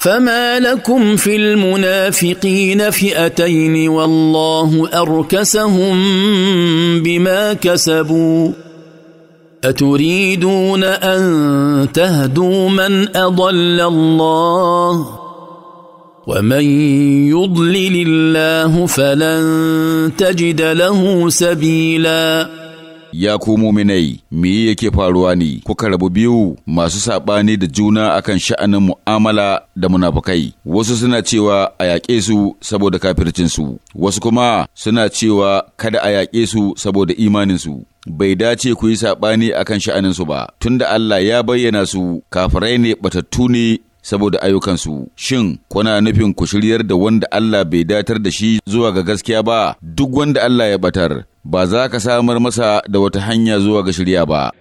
فما لكم في المنافقين فئتين والله اركسهم بما كسبوا اتريدون ان تهدوا من اضل الله ومن يضلل الله فلن تجد له سبيلاً ya komo muminai me yake faruwa ne kuka rabu biyu masu saɓani da juna akan sha'anin mu'amala da munafukai wasu suna cewa a yaƙe su saboda kafircinsu wasu kuma suna cewa kada a yaƙe su saboda imanin su bai dace ku yi saɓani akan sha'anin su ba tunda Allah ya bayyana su kafirai ne batattu ne saboda ayyukansu shin kuna nufin ku shiryar da wanda Allah bai datar da shi zuwa ga gaskiya ba duk wanda Allah ya batar ba za ka samar masa da wata hanya zuwa ga shirya ba.